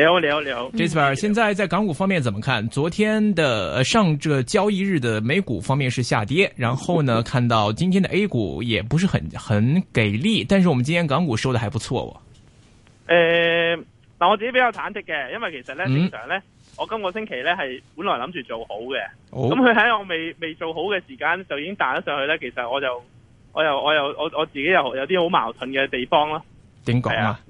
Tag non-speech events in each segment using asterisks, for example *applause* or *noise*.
你好，你好，你好，Jasper，現在在港股方面怎麼看？昨天的上這個交易日的美股方面是下跌，然後呢， *laughs* 看到今天的 A 股也不是很很給力，但是我們今天港股收得還不錯，哦。誒、呃，嗱，我自己比較忐忑嘅，因為其實呢，正常呢，嗯、我今個星期呢係本來諗住做好嘅，咁佢喺我未未做好嘅時間就已經彈咗上去呢。其實我就我又我又我我自己又有啲好矛盾嘅地方咯。點講啊？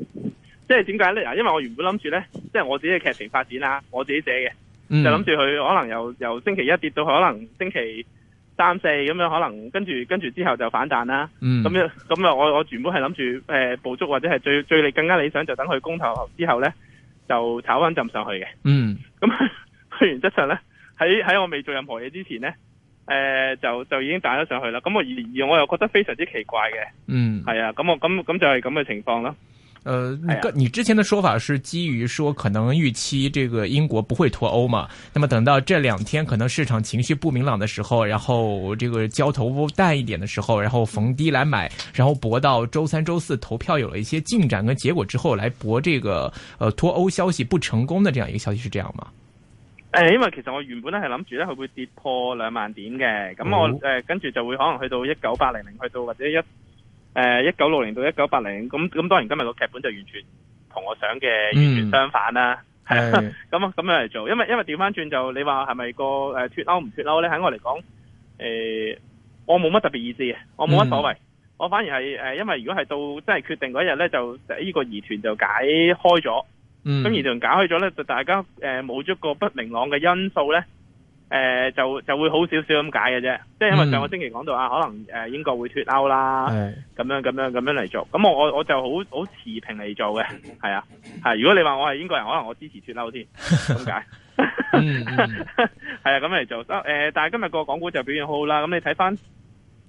即係點解咧？啊，因為我原本諗住咧，即係我自己嘅劇情發展啦，我自己寫嘅、嗯，就諗住佢可能由由星期一跌到可能星期三四咁樣，可能跟住跟住之後就反彈啦。咁樣咁啊，我我原本係諗住誒捕捉，或者係最最更加理想就等佢公投之後咧就炒翻浸上去嘅。嗯，咁， *laughs* 佢原則上咧喺喺我未做任何嘢之前咧，誒、呃、就就已經彈咗上去啦。咁我而而，我又覺得非常之奇怪嘅。嗯，係啊，咁我咁咁就係咁嘅情況啦。呃，你個、啊、你之前的說法是基於說可能預期這個英國不會脫歐嘛？那麼等到這兩天可能市場情緒不明朗的時候，然後這個交投淡一點的時候，然後逢低來買，然後博到周三、周四投票有了一些進展跟結果之後，來博這個呃脫歐消息不成功的這樣一個消息是這樣嗎？哎，因為其實我原本呢是諗住呢，佢會跌破兩萬點嘅，咁我、哦呃、跟住就會可能去到一九八零零，去到或者一。誒一九六零到一九八零，咁咁當然今日個劇本就完全同我想嘅完全相反啦，係啊，咁、嗯、咁 *laughs* 樣嚟做，因為因為調翻轉就你話係咪個誒脫歐唔脫歐咧？喺我嚟講，誒、呃、我冇乜特別意思嘅，我冇乜所謂、嗯，我反而係因為如果係到真係決定嗰一日咧，就呢個疑團就解開咗，咁疑團解開咗咧，就大家誒冇咗個不明朗嘅因素咧。誒、呃，就就會好少少咁解嘅啫，即係因為上個星期講到、嗯、啊，可能誒英國會脫歐啦，咁樣咁樣咁樣嚟做，咁我我我就好好持平嚟做嘅，係啊，係如果你話我係英國人，可能我支持脫歐先咁 *laughs* 解？係、嗯、啊，咁 *laughs* 嚟、嗯、 *laughs* 做，誒、呃，但係今日個港股就表現好好啦，咁你睇翻，誒、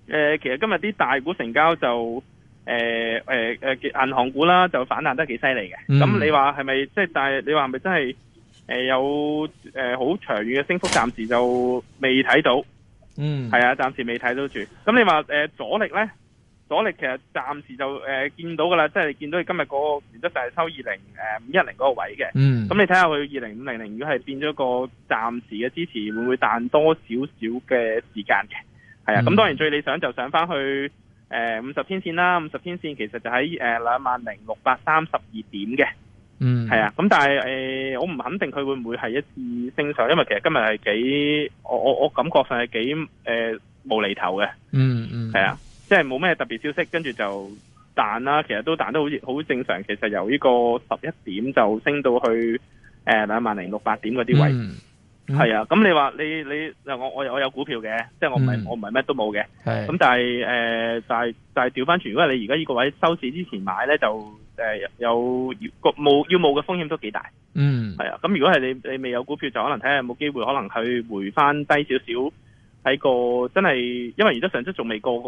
呃，其實今日啲大股成交就，誒誒誒，銀、呃、行股啦就反彈得幾犀利嘅，咁、嗯、你話係咪？即係但係你話係咪真係？誒、呃，有誒，好、呃、長遠嘅升幅，暫時就未睇到。嗯，係啊，暫時未睇到住。咁你話誒、呃、阻力呢？阻力其實暫時就誒、呃、見到噶啦，即係你見到佢今日個原則就係收二零誒五一零嗰個位嘅。嗯。咁、嗯、你睇下佢二零五零零，如果係變咗個暫時嘅支持，會唔會彈多少少嘅時間嘅？係啊。咁當然最理想就上翻去誒五十天線啦。五十天線其實就喺誒兩萬零六百三十二點嘅。嗯，係啊、mm，咁、hmm. 但係誒、呃，我唔肯定佢會唔會係一次升上，因為其實今日係幾，我我我感覺上係幾誒、呃、無厘頭嘅。嗯嗯、mm，係、hmm. 啊，即係冇咩特別消息，跟住就彈啦，其實都彈得好似好正常。其實由呢個十一點就升到去誒兩萬零六百點嗰啲位置。Mm hmm. 係、嗯、啊，咁你話你你，我我我有股票嘅，即係我唔係、嗯、我唔係乜都冇嘅，咁但係誒，但係、呃、但係調翻轉，如果你而家依個位收市之前買咧，就誒、呃、有個冇要冒嘅風險都幾大，係、嗯、啊，咁如果係你你未有股票，就可能睇下有冇機會可能去回翻低少少。喺個真係，因為而家上週仲未過嗰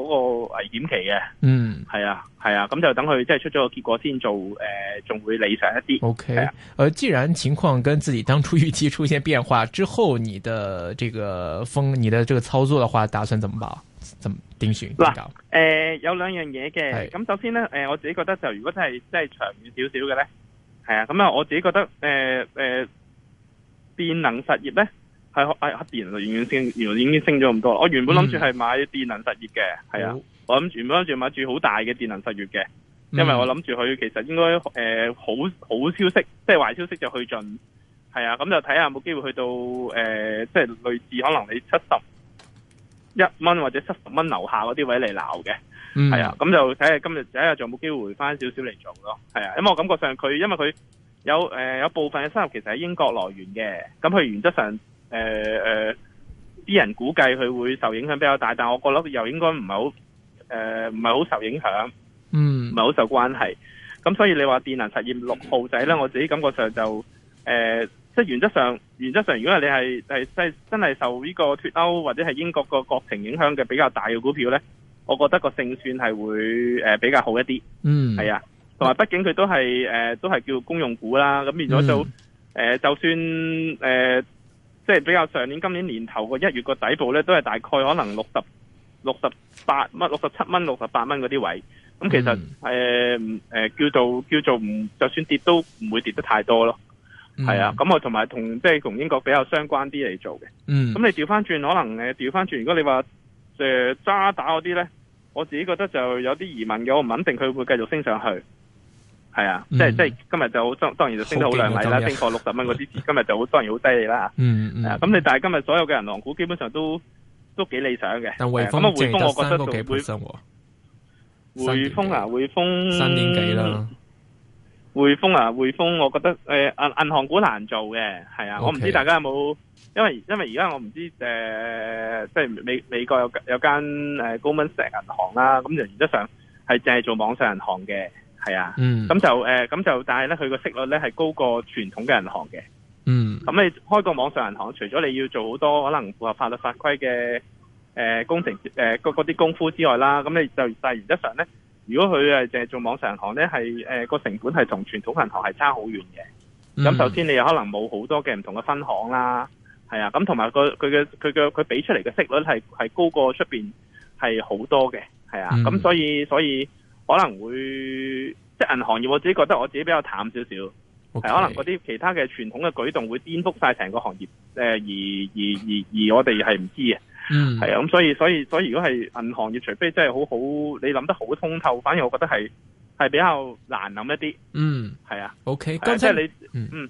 個危險期嘅，嗯，係啊，係啊，咁就等佢即係出咗個結果先做，誒、呃，仲會理想一啲。OK，誒，既然情況跟自己當初預期出現變化之後，你的這個風，你的這個操作的話，打算怎麼辦，怎點算？嗱，誒、呃，有兩樣嘢嘅，咁首先呢，誒、呃，我自己覺得就如果真係真係長遠少少嘅呢，係啊，咁啊，我自己覺得，誒、呃，誒、呃，變能實業呢係，唉，電能遠遠升，原來已經升咗咁多。我原本諗住係買電能實業嘅，係、嗯、啊，我諗原本諗住買住好大嘅電能實業嘅，因為我諗住佢其實應該誒、呃、好好消息，即係壞消息就去盡，係啊，咁就睇下有冇機會去到誒、呃，即係類似可能你七十一蚊或者七十蚊樓下嗰啲位嚟鬧嘅，係啊，咁、嗯、就睇下今日第一日仲有冇機會翻少少嚟做咯，係啊，因為我感覺上佢因為佢有誒、呃、有部分嘅收入其實喺英國來源嘅，咁佢原則上。誒、呃、誒，啲、呃、人估計佢會受影響比較大，但係我覺得又應該唔係好，誒唔係好受影響，嗯，唔係好受關係。咁所以你話電能實業六號仔咧，我自己感覺上就，誒、呃，即係原則上原則上，原則上如果你係係真真係受呢個脫歐或者係英國個國情影響嘅比較大嘅股票咧，我覺得個勝算係會誒、呃、比較好一啲，嗯，係啊，同埋畢竟佢都係誒、呃、都係叫公用股啦，咁、呃、變咗就誒、嗯呃、就算誒。呃即係比較上年今年年頭個一月個底部呢，都係大概可能六十、六十八蚊、六十七蚊、六十八蚊嗰啲位。咁其實誒誒、嗯呃呃、叫做叫做唔就算跌都唔會跌得太多咯。係、嗯、啊，咁我同埋同即係同英國比較相關啲嚟做嘅。咁、嗯、你調翻轉可能誒調翻轉，如果你話誒、呃、渣打嗰啲呢，我自己覺得就有啲疑問嘅，我唔肯定佢會繼續升上去。係啊，嗯、即係即係今日就好，當當然就升得好亮麗啦，升過六十蚊嗰啲， *laughs* 今日就好當然好犀利啦。嗯嗯，嗯咁你、啊、但係今日所有嘅銀行股基本上都都幾理想嘅。咁匯豐、啊、匯豐、啊啊、我覺得就三幾 percent 匯豐啊，匯豐三點幾啦。匯豐啊，匯豐我覺得誒，銀銀行股難做嘅，係啊，okay. 我唔知大家有冇，因為因為而家我唔知誒、呃，即係美美國有有間誒、呃、高文石銀行啦，咁就原則上係淨係做網上銀行嘅。係啊，咁就誒，咁就但係咧，佢個息率咧係高過傳統嘅銀行嘅。嗯、咁、嗯、你開個網上銀行，除咗你要做好多可能符合法律法規嘅、誒、工程誒、嗰啲功夫之外啦，咁你就但係原則上咧，如果佢係淨係做網上銀行咧，係誒個成本係同傳統銀行係差好遠嘅。咁、嗯、首先你有可能冇好多嘅唔同嘅分行啦，係啊，咁同埋個佢嘅佢嘅佢俾出嚟嘅息率係係高過出邊係好多嘅，係啊，咁所以所以。所以可能會即係銀行業，我自己覺得我自己比較淡少少，係、okay. 可能嗰啲其他嘅傳統嘅舉動會顛覆晒成個行業，誒、呃、而而而而我哋係唔知嘅，嗯，係啊，咁所以所以所以如果係銀行業，除非真係好好，你諗得好通透，反而我覺得係係比較難諗一啲，嗯，係啊，OK，咁即係你嗯。嗯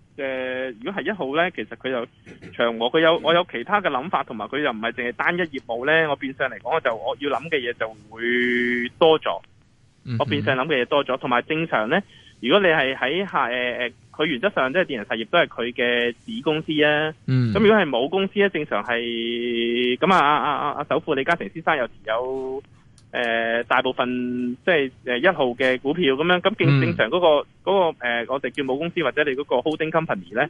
誒、呃，如果係一號咧，其實佢就長和，佢有我有其他嘅諗法，同埋佢又唔係淨係單一業務咧。我變相嚟講，我就我要諗嘅嘢就會多咗。我變相諗嘅嘢多咗，同埋正常咧。如果你係喺下誒誒，佢，呃，原則上即係電人實業，都係佢嘅子公司啊。咁，嗯，如果係母公司咧，正常係咁啊啊啊啊首富李嘉誠先生有有。誒，大部分即係誒一號嘅股票咁樣，咁正正常嗰個嗰個誒，我哋叫母公司或者你嗰個 holding company 咧，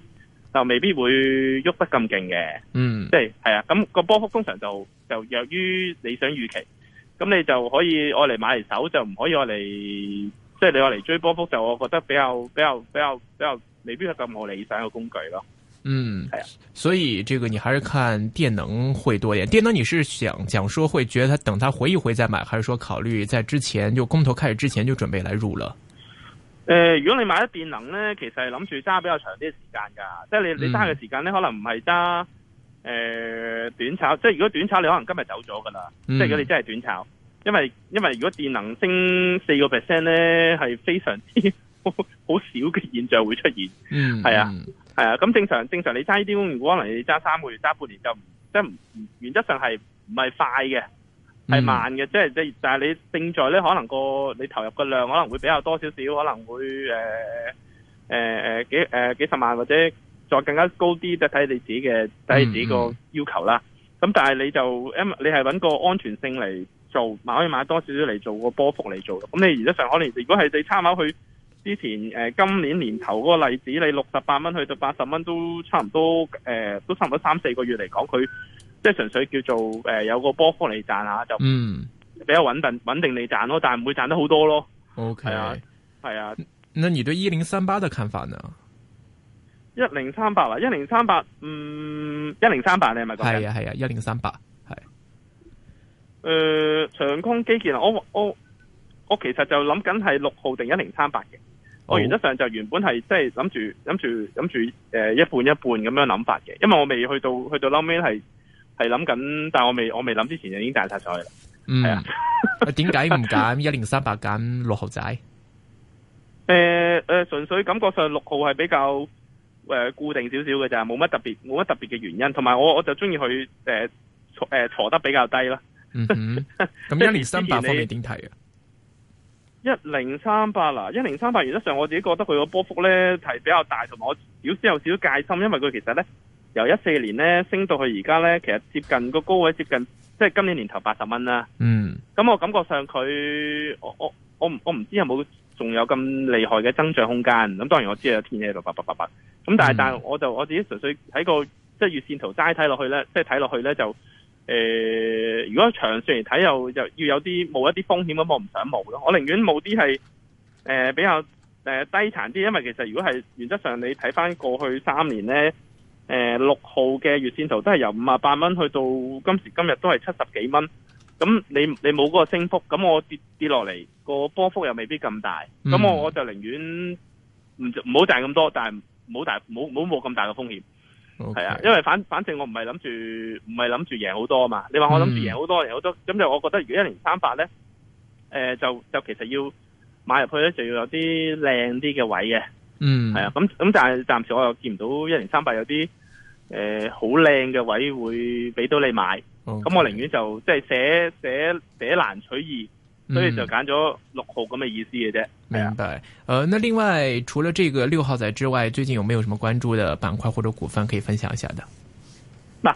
就未必會喐得咁勁嘅。嗯，即係係啊，咁個波幅通常就就弱於理想預期。咁你就可以攞嚟買嚟守，就唔可以攞嚟，即係你話嚟追波幅，就我覺得比較比較比較比較未必係咁好理想嘅工具咯。嗯、啊，所以這個你還是看電能會多一點。電能你是想講說會覺得他等它回一回再買，還是說考慮在之前就公投開始之前就準備來入了？誒、呃，如果你買咗電能呢，其實係諗住揸比較長啲嘅時間噶、嗯，即係你你揸嘅時間呢，可能唔係揸誒短炒，即係如果短炒你可能今日走咗噶啦，即係如果你真係短炒，因為因為如果電能升四個 percent 呢，係非常之好少嘅現象會出現，嗯，係啊。嗯係啊，咁正常正常你揸呢啲，如果可能你揸三個月、揸半年就即係唔原則上係唔係快嘅，係慢嘅，即係、嗯、即係，但係你正在咧可能個你投入嘅量可能會比較多少少，可能會誒誒誒幾誒、呃、幾十萬或者再更加高啲，就睇你自己嘅睇你自己個要求啦。咁、嗯、但係你就 M 你係搵個安全性嚟做，買可以買多少少嚟做個波幅嚟做，咁你原則上可能如果係你參考去。之前誒、呃，今年年頭嗰個例子，你六十八蚊去到八十蚊都差唔多，誒、呃，都差唔多三四個月嚟講，佢即係純粹叫做誒、呃，有個波幅你賺下就嗯比較穩定，穩定你賺咯，但係唔會賺得好多咯。Okay 啊，係啊。咁你對一零三八嘅看法呢？一零三八啊，一零三八，嗯，一零三八你係咪講？係啊，係啊，一零三八係。誒，長空基建啊，我我我，我其實就諗緊係六號定一零三八嘅。我原則上就原本係即係諗住諗住諗住誒一半一半咁樣諗法嘅，因為我未去到去到後尾係係諗緊，但我未我未諗之前就已經大殺咗佢啦。嗯，係啊，點解唔揀？一零三百揀六號仔？誒 *laughs* 誒、呃呃，純粹感覺上六號係比較、呃、固定少少嘅咋，冇乜特別冇乜特別嘅原因。同埋我我就中意佢坐、呃、坐得比較低咯。嗯，咁一年三百方面點睇啊？一零三八啦，一零三八，原則上我自己覺得佢個波幅咧，係比較大，同埋我，如果有少少戒心，因為佢其實咧由一四年咧升到去而家咧，其實接近個高位，接近即係今年年頭八十蚊啦。嗯。咁我感覺上佢，我我我唔我唔知有冇仲有咁厲害嘅增長空間。咁當然我知道有天氣喺度八八八八，咁但係、嗯、但係我就我自己純粹睇個即係月線圖齋睇落去咧，即係睇落去咧就。誒、呃，如果長線嚟睇又又要有啲冇一啲風險咁，我唔想冒咯。我寧願冇啲係誒比較誒、呃、低殘啲，因為其實如果係原則上你睇返過去三年咧，誒、呃、六號嘅月線圖都係由五十八蚊去到今時今日都係七十幾蚊。咁你你冇嗰個升幅，咁我跌跌落嚟，嗰個波幅又未必咁大。咁我我就寧願唔唔好賺咁多，但係唔好大唔好冇咁大嘅風險。係、okay，啊，因為反反正我唔係諗住唔係諗住贏好多啊嘛。你話我諗住贏好多贏好多，咁、嗯、就我覺得如果一零三八咧，誒、呃、就就其實要買入去咧，就要有啲靚啲嘅位嘅。嗯，係啊。咁咁但係暫時我又見唔到一零三八有啲誒好靚嘅位會俾到你買。咁、okay，我寧願就即係捨捨捨難取易。所以就揀咗六號咁嘅意思嘅啫、嗯。明白。誒、啊呃，那另外除了這個六號仔之外，最近有沒有什麼關注的板塊或者股份可以分享一下的？嗱，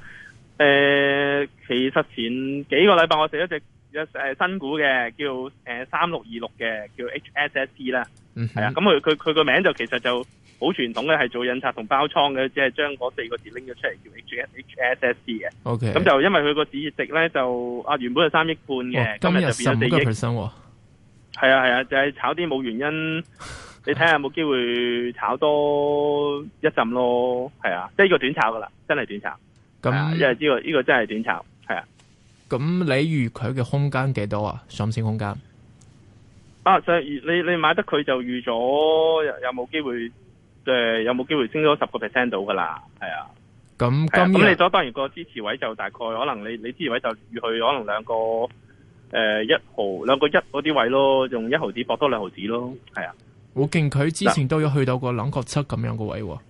誒，其實前幾個禮拜我寫一隻誒新股嘅，叫誒三六二六嘅，叫 H S S T 啦、嗯。嗯。係啊，咁佢佢佢個名就其實就。好傳統咧，係做印刷同包倉嘅，即係將嗰四個字拎咗出嚟叫 H H S S D 嘅。O K，咁就因為佢個市值咧就啊原本係三億半嘅、哦，今日就變咗四億。係啊係啊，就係、是、炒啲冇原因，你睇下有冇機會炒多一浸咯。係啊， *laughs* 即係呢個是短炒㗎喇，真係短炒。咁因為呢個呢、呢個真係短炒。係啊。咁你預佢嘅空間幾多少啊？上升空間。啊，所以你你買得佢就預咗有有冇機會？即係有冇機會升咗十個 percent 到噶啦？係啊，咁、嗯啊嗯、今咁你咁當然個支持位就大概可能你你支持位就預去可能兩個誒、呃、一毫兩個一嗰啲位咯，用一毫子搏多兩毫子咯，係啊。我見佢之前都有去到個冷角七咁樣個位喎、啊。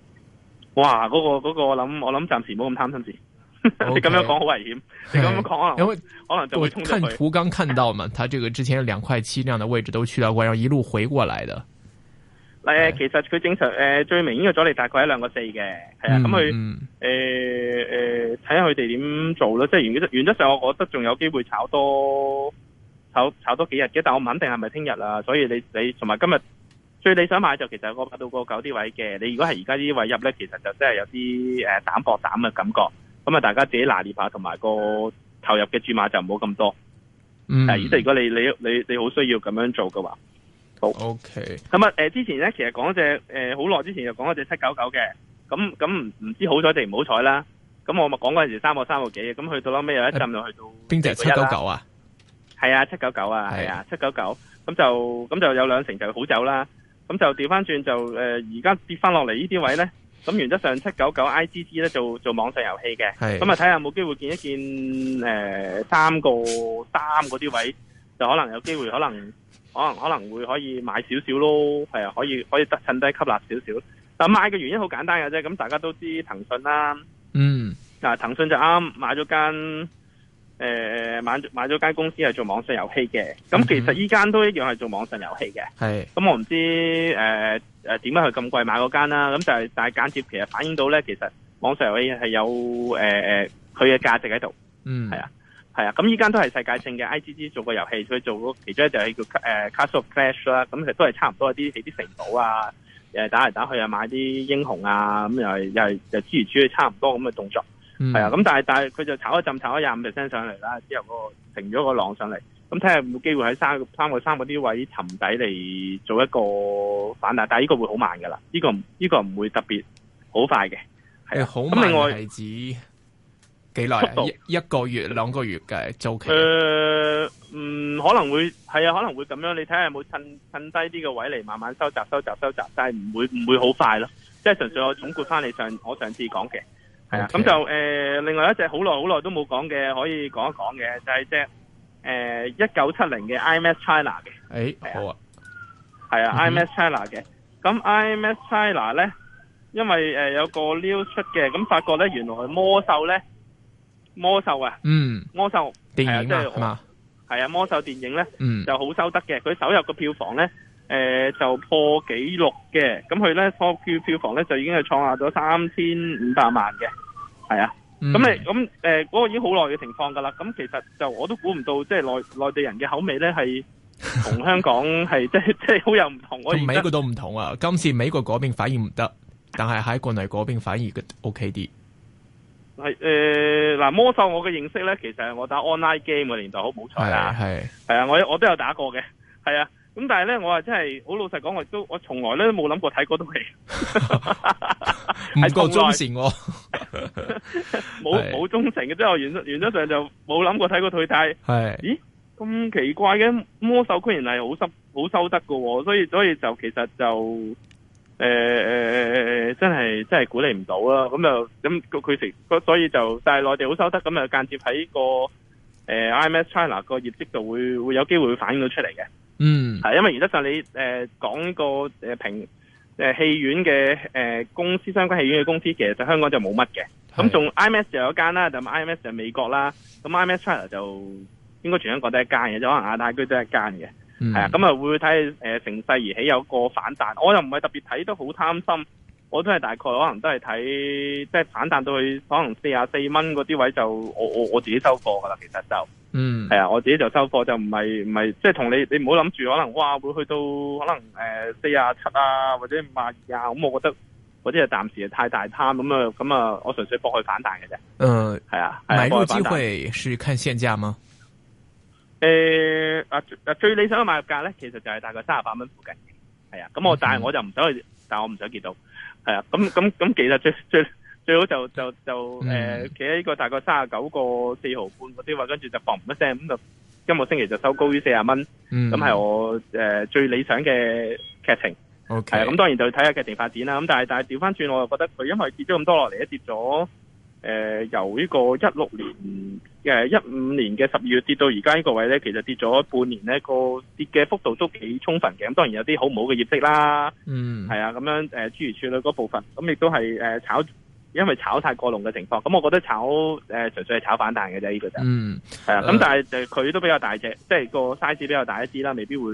哇！嗰、那個嗰、那個那個我諗我諗暫時冇咁貪心先， *laughs* okay, *laughs* 你咁樣講好危險。你咁樣講可能因為可能就會衝出去。我看圖剛看到嘛，佢呢個之前兩塊七呢樣嘅位置都去到過，然 *laughs* 後一路回過嚟。誒，其實佢正常誒，最明顯嘅阻力大概係兩個四嘅，係、嗯、啊，咁佢誒誒睇下佢哋點做咯，即係原則原則上，我覺得仲有機會炒多炒炒多幾日嘅，但我唔肯定係咪聽日啊，所以你你同埋今日最你想買就其實有，有到個到個九啲位嘅，你如果係而家呢位入咧，其實就真係有啲誒膽薄膽嘅感覺，咁啊大家自己拿捏下，同埋個投入嘅注碼就唔好咁多，嗯，即如果你你你你好需要咁樣做嘅話。O K，咁啊，誒、呃，之前咧其實講咗隻誒，好、呃、耐之前就講咗隻七九九嘅，咁咁唔唔知好彩定唔好彩啦。咁、嗯、我咪講嗰陣時三個三個幾嘅，咁、嗯呃、去到啦尾又一陣就去到邊隻七九九啊？係啊，七九九啊，係啊，七九九，咁、嗯、就咁就有兩成就好走啦。咁、嗯、就調翻轉就誒，而、呃、家跌翻落嚟呢啲位咧，咁、嗯、原則上七九九 I G T 咧做做網上遊戲嘅，咁啊睇下有冇機會見一見誒、呃，三個三嗰啲位就可能有機會可能。可能可能會可以買少少咯，係啊，可以可以得趁低吸納少少。但買嘅原因好簡單嘅啫，咁大家都知騰訊啦，嗯，嗱騰訊就啱買咗間，誒、呃、買咗買咗間公司係做網上遊戲嘅。咁、嗯、其實依間都一樣係做網上遊戲嘅。咁、嗯、我唔知誒誒點解佢咁貴買嗰間啦。咁就係但係間接其實反映到咧，其實網上遊戲係有誒誒佢嘅價值喺度。嗯，係啊。係啊，咁依家都係世界性嘅，IGG 做個遊戲，佢做其中一隻係叫 Castle Clash 啦，咁其實都係差唔多一啲起啲城堡啊，誒打嚟打去啊，買啲英雄啊，咁又係又係又諸如諸去差唔多咁嘅動作，係、嗯、啊，咁但係但係佢就炒一陣，炒一廿五 percent 上嚟啦，之後嗰個成咗個浪上嚟，咁睇下有冇機會喺三三個三個啲位沉底嚟做一個反彈，但係呢個會好慢噶啦，呢、這個呢、這個唔會特別好快嘅，係好慢嘅幾耐？一個月兩個月、兩個月嘅周期。誒、呃，嗯，可能會係啊，可能會咁樣。你睇下有冇趁趁低啲嘅位嚟慢慢收集、收集、收集，收集但係唔會唔會好快咯。即係純粹我總括翻你上我上次講嘅，係啊。咁、okay. 就誒、呃，另外一隻好耐好耐都冇講嘅，可以講一講嘅就係隻誒一九七零嘅 IMAX China 嘅。誒、欸啊，好啊，係啊、嗯、IMAX China 嘅。咁 IMAX China 咧，因為誒、呃、有個 news 出嘅，咁發覺咧原來魔獸咧。魔獸啊、嗯、啊，啊，魔獸電影啊，係、嗯、啊，魔獸電影咧就好收得嘅，佢首入嘅票房咧，誒、呃、就破紀錄嘅，咁佢咧 t 票房咧就已經係創下咗三千五百萬嘅，係啊，咁你咁誒嗰個已經好耐嘅情況噶啦，咁其實就我都估唔到，即係內內地人嘅口味咧係同香港係即係即係好有唔同。同 *laughs* 美國都唔同啊，今次美國嗰邊反而唔得， *laughs* 但係喺國內嗰邊反而嘅 OK 啲。係誒嗱，魔獸我嘅認識咧，其實係我打 online game 嘅年代好，冇錯，係啊，係啊，我我都有打過嘅。係啊，咁但係咧，我係真係好老實講，我都我從來咧都冇諗過睇過套戲，唔夠忠誠，我，冇冇忠誠嘅，即係我原則原則上就冇諗過睇過套戲。係、 *laughs* *laughs* 哦， *laughs* *laughs* 咦，咁奇怪嘅，魔獸居然係好收好收得噶，所以所以就其實就。誒誒誒誒，真係真係估你唔到啦，咁就咁佢食，所以就但係內地好收得，咁啊間接喺、這個誒、呃、IMAX China 個業績度會會有機會反映到出嚟嘅。嗯，係因為而家就你誒、呃、講個誒評誒戲、呃、院嘅誒、呃、公司相關戲院嘅公司，其實就香港就冇乜嘅。咁仲 IMAX 就有一間啦，IMS 就咪 IMAX 就美國啦。咁 IMAX China 就應該全香港得一間嘅，就可能亞太區都一間嘅。係、嗯、啊，咁啊會睇誒，乘、呃、勢而起有個反彈，我又唔係特別睇得好貪心，我都係大概可能都係睇即係反彈到去可能四啊四蚊嗰啲位就我我我自己收貨噶啦，其實就嗯係啊，我自己就收貨就唔係唔係即係同你你唔好諗住可能哇會去到可能誒四、呃、啊七啊或者五啊二啊咁，我覺得嗰啲係暫時係太大貪咁啊咁啊，我純粹博佢反彈嘅啫。嗯、呃、係啊，是啊，買入機會是看現價嗎？誒、呃，啊，最理想嘅買入價咧，其實就係大概三十八蚊附近，係啊。咁我但係、嗯、我就唔想去，但係我唔想見到，係啊。咁咁咁，其實最最最好就就就誒，企喺呢個大概三十九個四毫半嗰啲位，跟住就嘭一聲咁就，今個星期就收高於四十蚊，咁、嗯、係我誒、呃、最理想嘅劇情。O K，係啊。咁當然就要睇下劇情發展啦。咁但係但係調翻轉，我又覺得佢因為跌咗咁多落嚟一跌咗。誒、呃，由呢個一六年，嘅、呃、一五年嘅十二月跌到而家呢個位咧，其實跌咗半年咧，個跌嘅幅度都幾充分嘅。咁當然有啲好唔好嘅業績啦，嗯，係啊，咁樣誒，諸、呃、如此類嗰部分，咁、嗯、亦都係誒、呃、炒，因為炒太過龍嘅情況，咁、嗯、我覺得炒誒純、呃、粹係炒反彈嘅啫，呢個就，嗯，係啊。咁、嗯嗯、但係誒佢都比較大隻，uh, 即係個 size 比較大一啲啦，未必會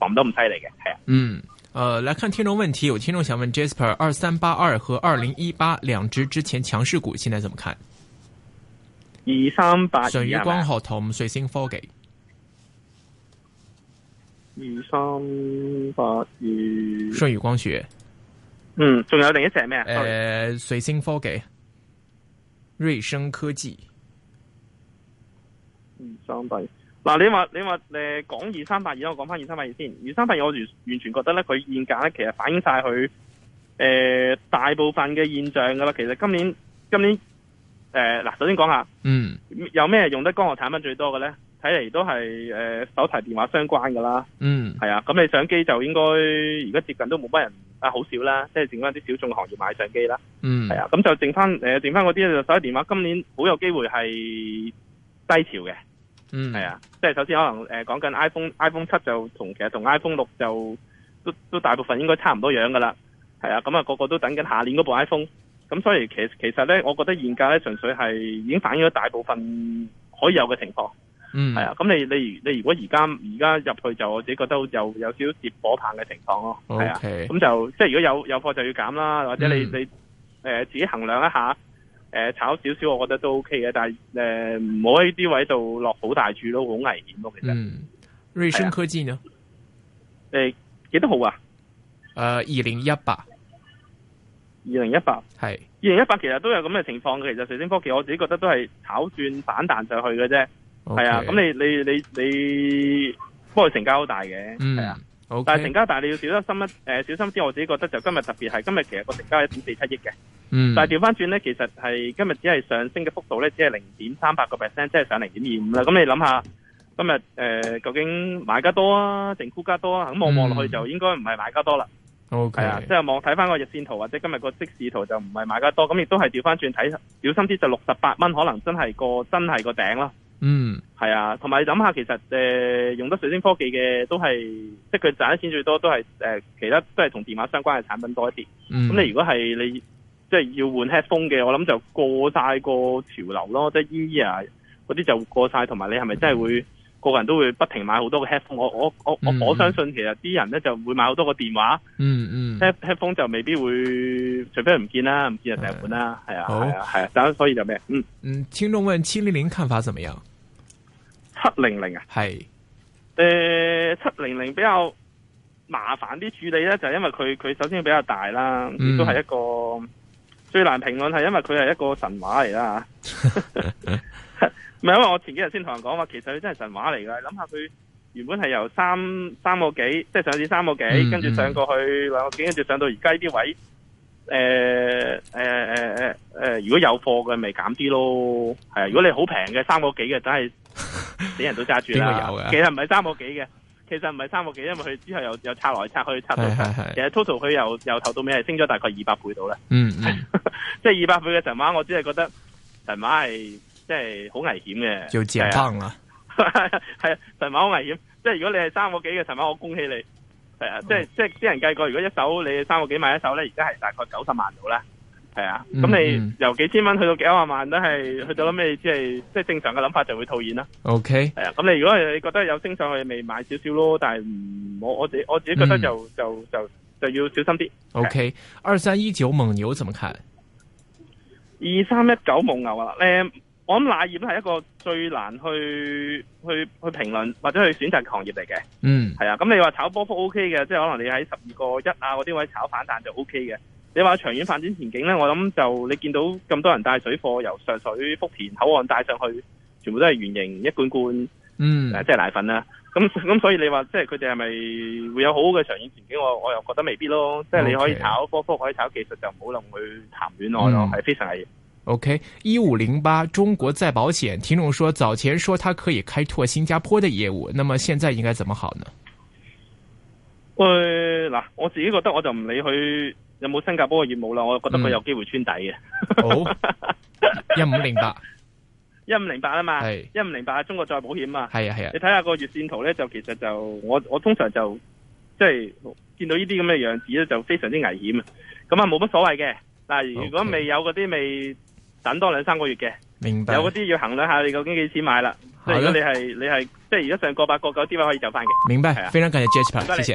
行得咁犀利嘅，係啊，嗯。呃，來看聽眾問題，有聽眾想問 Jasper：二三八二和二零一八兩隻之前強勢股，現在怎麼看？二三八二，順宇光學同瑞星科技。二三八二，順宇光學。嗯，仲有另一隻係咩啊？呃，瑞星科技、瑞聲科技。二三八二。嗱，你話你話誒，講二三百二，我講翻二三百二先。二三百二，我完完全覺得咧，佢現價咧，其實反映晒佢誒大部分嘅現象噶啦。其實今年今年誒，嗱，首先講下，嗯，有咩用得光學產品最多嘅咧？睇嚟都係誒，呃、手提電話相關噶啦。嗯，係啊。咁你相機就應該而家接近都冇乜人、嗯、啊，好少啦，即係剩翻啲小眾行業買相機啦。嗯，係啊。咁就剩翻誒剩翻嗰啲就手提電話，今年好有機會係低潮嘅。嗯，係啊，即係首先可能誒，講、呃、緊 iPhone iPhone 七就同其實同 iPhone 六就都都大部分應該差唔多樣噶啦，係啊，咁、嗯、啊個個都等緊下年嗰部 iPhone，咁所以其實其實咧，我覺得現價咧純粹係已經反映咗大部分可以有嘅情況，嗯，係啊，咁你你你如果而家而家入去就我自己覺得有有少少接火棒嘅情況咯，係啊，咁、okay，啊、就即係如果有有貨就要減啦，或者你、嗯、你誒、呃、自己衡量一下。誒，炒少少我覺得都 OK 嘅，但係誒，唔好喺啲位度落好大注咯，好危險咯，其實。嗯，瑞聲科技呢？誒、啊，幾、呃、多號啊？誒、呃，二零一八，二零一八係二零一八，其實都有咁嘅情況嘅。其實瑞聲科技我自己覺得都係炒轉反彈上去嘅啫。係、okay. 啊，咁你你你你，不過成交好大嘅，係、嗯、啊，okay. 但係成交大，你要小心一，誒、呃，小心啲。我自己覺得就今日特別係今日，其實個成交一點四七億嘅。嗯，但係調翻轉咧，其實係今日只係上升嘅幅度咧，只係零點三八個 percent，即係上零點二五啦。咁你諗下，今日誒、呃、究竟買多、啊、家多啊，定沽家多啊？咁望望落去就應該唔係買家多啦。嗯、o、okay, K 啊，即係望睇翻個日線圖或者今日個即時圖就唔係買家多，咁亦都係調翻轉睇，小心啲就六十八蚊可能真係個真係個頂囉。嗯，係啊，同埋你諗下其實誒、呃、用得瑞聲科技嘅都係，即係佢賺得錢最多都係誒、呃、其他都係同電話相關嘅產品多一啲。咁、嗯、你如果係你。即係要換 headphone 嘅，我諗就過晒個潮流咯。即係依啊嗰啲就過晒，同埋你係咪真係會、嗯、個人都會不停買好多個 headphone？我我我我、嗯、我相信其實啲人咧就會買好多個電話。嗯嗯 headphone 就未必會，除非唔見啦，唔見就成日換啦。係、嗯、啊係啊係啊，所以就咩嗯嗯，聽、嗯、眾問七零零看法怎麼樣？七零零啊，係誒七零零比較麻煩啲處理咧，就係、是、因為佢佢首先比較大啦，都係一個。嗯最難評論係因為佢係一個神話嚟啦，唔 *laughs* 係 *laughs* 因為我前幾日先同人講話，其實佢真係神話嚟噶。諗下佢原本係由三三個幾，即係上市三個幾，嗯嗯，跟住上過去兩個幾，跟住上到而家呢啲位，誒誒誒誒誒，如果有貨嘅咪減啲咯，係啊，如果你好平嘅三個幾嘅，就是，真 *laughs* 係死人都揸住啦。有嘅。其實唔係三個幾嘅。其實唔係三個幾，因為佢之後又又拆來拆去，拆來拆。是是是其實 total 佢由由頭到尾係升咗大概二百倍度咧。嗯，即係二百倍嘅神話，我只係覺得神話係即係好危險嘅。要解放啊。係、 *laughs* 啊、神話好危險。即係如果你係三個幾嘅神話，我恭喜你。係啊，嗯、即係即係啲人計過，如果一手你三個幾買一手咧，而家係大概九十萬度啦。係啊，咁你由幾千蚊去到幾百萬，都係去到咩？即係即係正常嘅諗法就會套現啦。O K，係啊，咁你如果你覺得有升上去，未買少少咯，但係唔我我自我自己覺得就、嗯、就就就要小心啲。O K，二三一九蒙牛怎麼看？二三一九蒙牛啊、呃，我諗奶業都係一個最難去去去評論或者去選擇嘅行業嚟嘅。嗯，係啊，咁你話炒波幅 O K 嘅，即係可能你喺十二個一啊嗰啲位炒反彈就 O K 嘅。你話長遠發展前景咧，我諗就你見到咁多人帶水貨由上水福田口岸帶上去，全部都係圓形一罐罐，嗯，即、呃、係奶粉啦。咁、嗯、咁、嗯、所以你話即係佢哋係咪會有好好嘅長遠前景？我我又覺得未必咯。即係你可以炒科科，okay. 可以炒技術，就唔好諗去談戀愛咯，係、嗯、非常係。O K，一五零八中國再保險，聽眾說早前說它可以開拓新加坡的業務，那麼現在應該怎麼好呢？喂，嗱，我自己覺得我就唔理佢。有冇新加坡嘅業務啦，我覺得佢有機會穿底嘅、嗯 *laughs* 哦。好，一五零八，一五零八啊嘛。係一五零八，中國再保險啊。係啊係啊，你睇下個月線圖咧，就其實就我我通常就即係見到呢啲咁嘅樣子咧，就非常之危險啊！咁啊冇乜所謂嘅。嗱，如果未有嗰啲未等多兩三個月嘅，okay、有嗰啲要衡量下，你究竟幾錢買啦。係、啊。如果你係你係即係而家上個八個九啲位可以走翻嘅。明白，啊、非常感謝 Jasper。